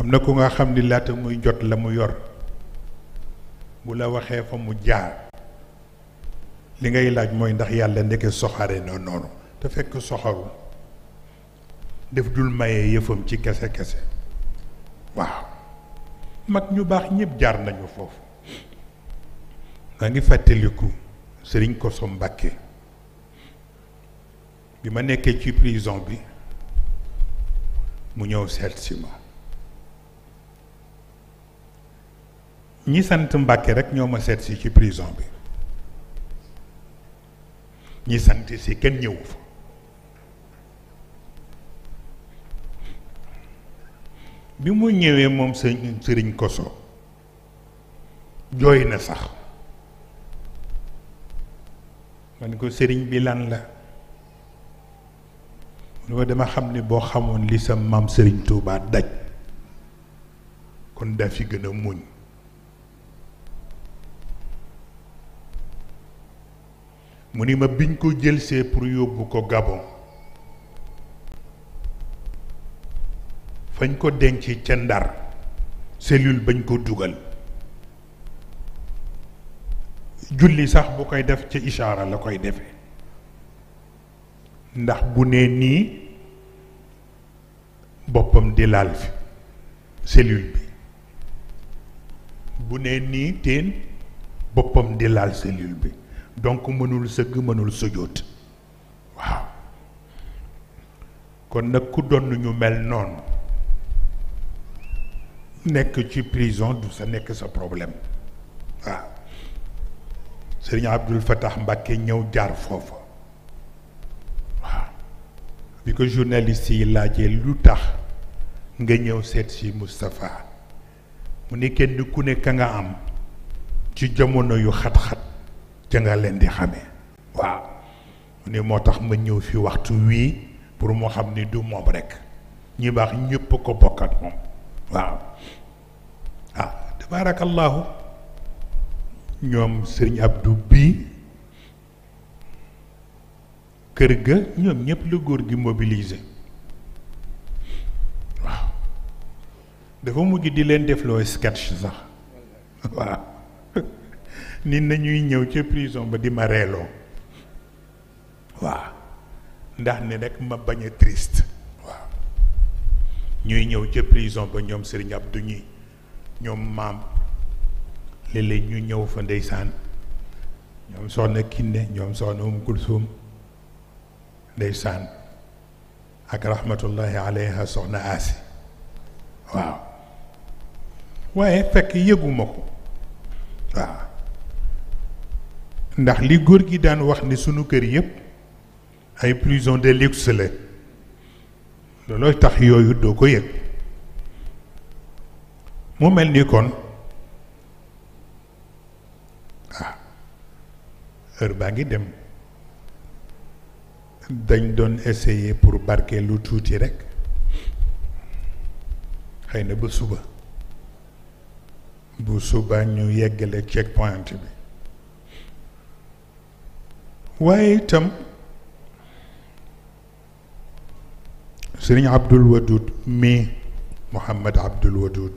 am na ku nga xam ni laata muy jot la mu yor bu la waxee fa mu jaar li ngay laaj mooy ndax yàlla ndeke soxare na noonu te fekk soxaru def dul maye yëfam ci kese kese waaw mag ñu baax ñëpp jaar nañu foofu maa ngi fàttaliku sëriñ Koso Mbàkke bi ma nekkee ci prison bi mu ñëw seet si ma ñi sant Mbàkke rek ñoo ma seet si ci prison bi ñi sant si kenn ñëwu fa bi mu ñëwee moom sëñ sëriñ Koso jooy na sax man ko sëriñ bi lan la loolu dama xam ne boo xamoon li sa maam sëriñ Tuubaa daj kon daf fi gën a muñ mu ni ma biñ ko jëlsee pour yóbbu ko Gabon fañ ko denc ca Ndar selul bañ ko dugal julli sax bu koy def ca ishaara la koy defee ndax bu nee nii boppam di laal fi bi bu nee nii teen boppam di laal cellule bi donc mënul sëgg mënul sujjóot waaw kon nag ku doon ñu mel noonu nekk ci prison du sa nekk sa problème waaw sëriñ Abdul Fattah Mbàkke ñëw jaar foofa waaw bi ko journaliste yi laajee lu tax nga ñëw seet si Moustapha mu ne kenn ku nekk ka nga am ci jamono yu xat-xat jëngal leen di xamee waaw ni moo tax ma ñëw fi waxtu wii pour moo xam ni du moom rek ñi baax ñépp ko bokk ak moom waaw ah tabaarakallaahu ñoom sëriñ Abdou bii kër ga ñoom ñëpp la góor gi mobilisé waaw dafa mujj di leen defloo sketch sax nit ñuy ñëw ca prison ba di ma reeloo waaw ndax ni rek ma bañ a triste waaw ñuy ñëw ca prison ba ñoom Serigne Abdou ñi ñoom maam léeg-léeg ñu ñëw fa ndeysaan ñoom soxna Kiné ñoom soxna Um Kulsum ndeysaan ak rahmatullahi alayha soxna Asi waaw waaye fekk yëguma ko waaw ndax li góor gi daan wax ni sunu kër yëpp ay prison de luxe la loolooy tax yooyu doo ko yëg mu mel ni kon ah heure baa ngi dem dañ doon essayer pour barke lu tuuti rek xëy na ba suba bu suba ñu yeggale checkpoint bi waaye itam sëriñ Abdul Wadud mii Mouhamed Abdul Wadud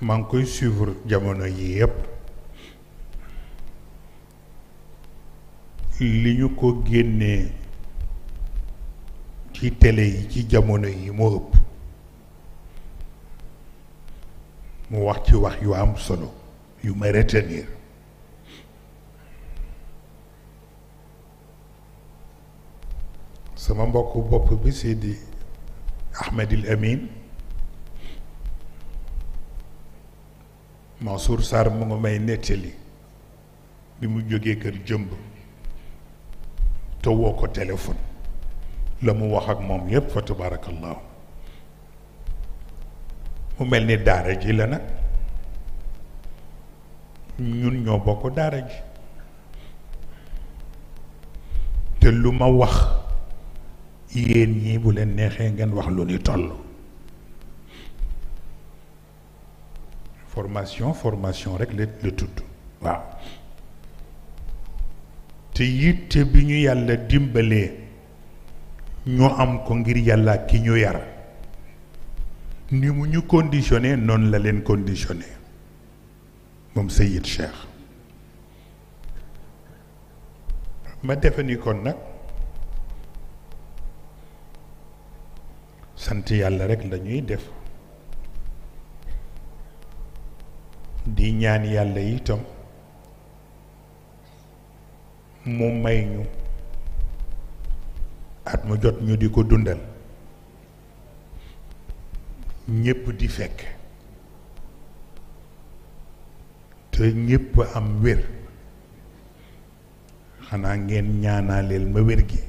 maa ngi koy suivre jamono yii yépp li ñu ko génnee ci télé yi ci jamono yi moo ëpp mu wax ci wax yu am solo yu may retenir sama mbokk bopp bi Seydi Ahmadil Amin Mansour Sarr mu nga may nettali bi mu jógee kër jëmb te woo ko téléphone la mu wax ak moom yépp fa tabaarakallaahu mu mel ni daara ji la nag ñun ñoo bokk daara ji te lu ma wax yéen ñi bu leen neexee ngeen wax lu ni toll formation formation rek la la tudd waaw te yitte bi ñu yàlla dimbalee ñu am ko ngir yàlla ki ñu yar ni mu ñu conditionné noonu la leen conditionné moom Seyid Cheikh ma defe ni kon nag sant yàlla rekk lañuy def di ñaan yàlla itam mu may ñu at mu jot ñu di ko dundal ñépp di fekk te ñépp am wér xanaa ngeen ñaanaaleel ma wér gi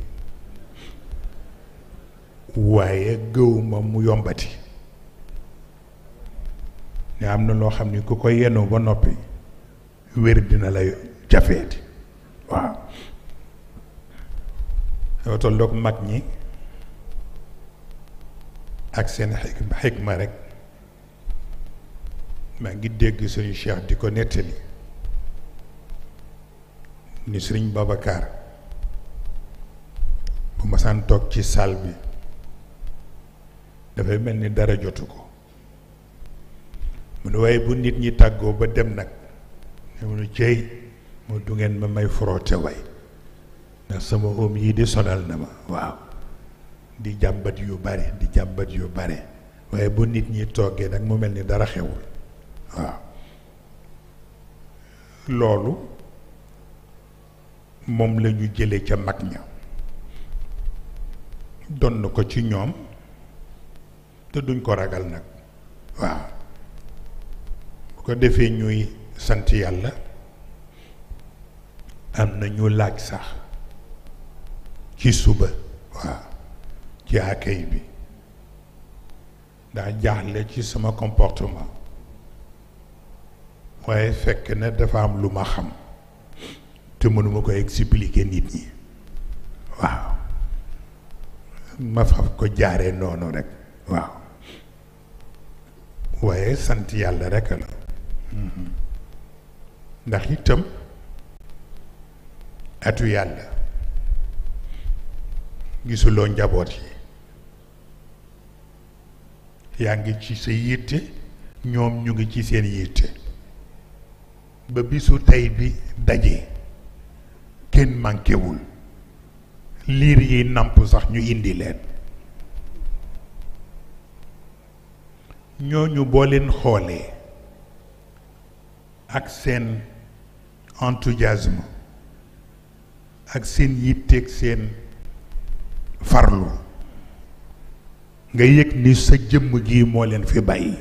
waaye gëwuma mu yombati ne am na loo xam ne ku ko yenu ba noppi wér dina la jafeeti waaw yow tolloog mag ñi ak seen xikma rekk maa ngi dégg sëriñ Cheikh di ko nettali ni sëriñ Babacar bu masaan toog ci salle bi dafay mel ni dara jotu ko mu waaye bu nit ñi tàggoo ba dem nag ne mu ne cey mu du ngeen ma may foroote way ndax sama oom yii di sonal na ma waaw di jàmbat yu bare di jàmbat yu bare waaye bu nit ñi toggee nag mu mel ni dara xewul waaw loolu moom lañu jële ca mag ña donn ko ci ñoom te duñ ko ragal nag waaw bu ko defee ñuy sant yàlla am na ñu laaj sax ci suba waa ci accueil bi daa jaaxle ci sama comportement waaye fekk na dafa am lu ma xam te mënuma ko expliquer nit ñi waaw ma faf ko jaare noonu rek waaw waaye sant yàlla rekk na mhm. ndax itam atu yàlla gisuloo njaboot yi yaa ngi ci sa yitte ñoom ñu ngi ci seen yitte ba bisu tey bi daje kenn mànkewul liir yi nàmp sax ñu indi leen ñooñu boo leen xoolee ak seen enthousiasme ak seen yitteeg seen farlu nga yëg ni sa jëmm gi moo leen fi bàyyi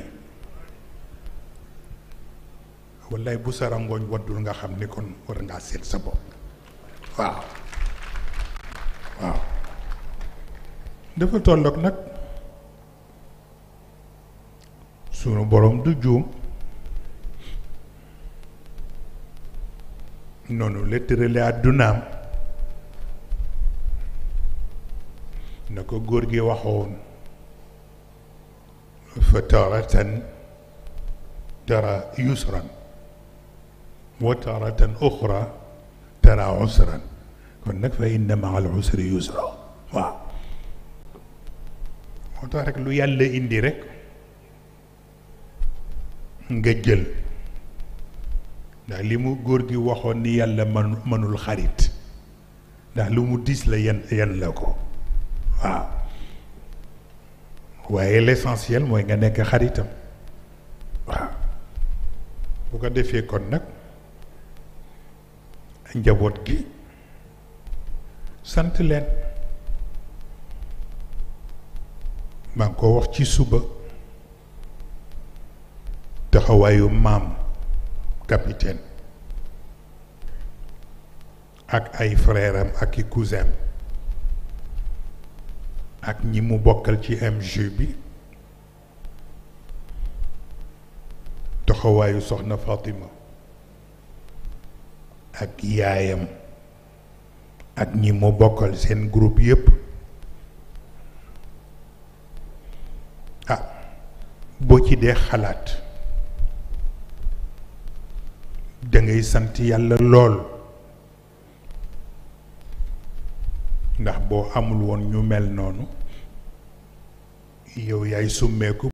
wallaay bu sa rangooñ waddul nga xam ni kon war ngaa seet sa bopp waaw waaw dafa tolloog nag sunu borom du juum noonu la tërale àddunaam na ko góor gi waxoon fa taratan dara yusran wa taratan uxra tara usran kon nag fa inna maa al usri yusra waaw moo tax rek lu yàlla indi rek nga jël ndax li mu góor gi waxoon ni yàlla man xarit ndax lu mu diis la yan yan la ko waaw waaye l'essentiel mooy nga nekk xaritam waaw bu ko defee kon nag njaboot gi sant leen maa ngi ko wax ci suba taxawaayu maam capitaine ak ay freram ak i cousin ak ñi mu bokkal ci MG bi taxawaayu soxna Fatima ak yaayam ak ñi mu bokkal seen group yépp ah boo ci dee xalaat dangay sant yàlla lool ndax boo amul woon ñu mel noonu yow yaay summeeku